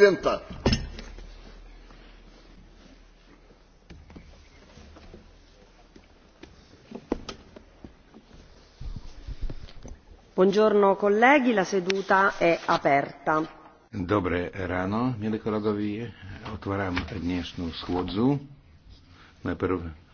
presidenta. Buongiorno colleghi, la seduta è aperta. Dobré ráno, milí kolegovi, otváram dnešnú schôdzu. Najprv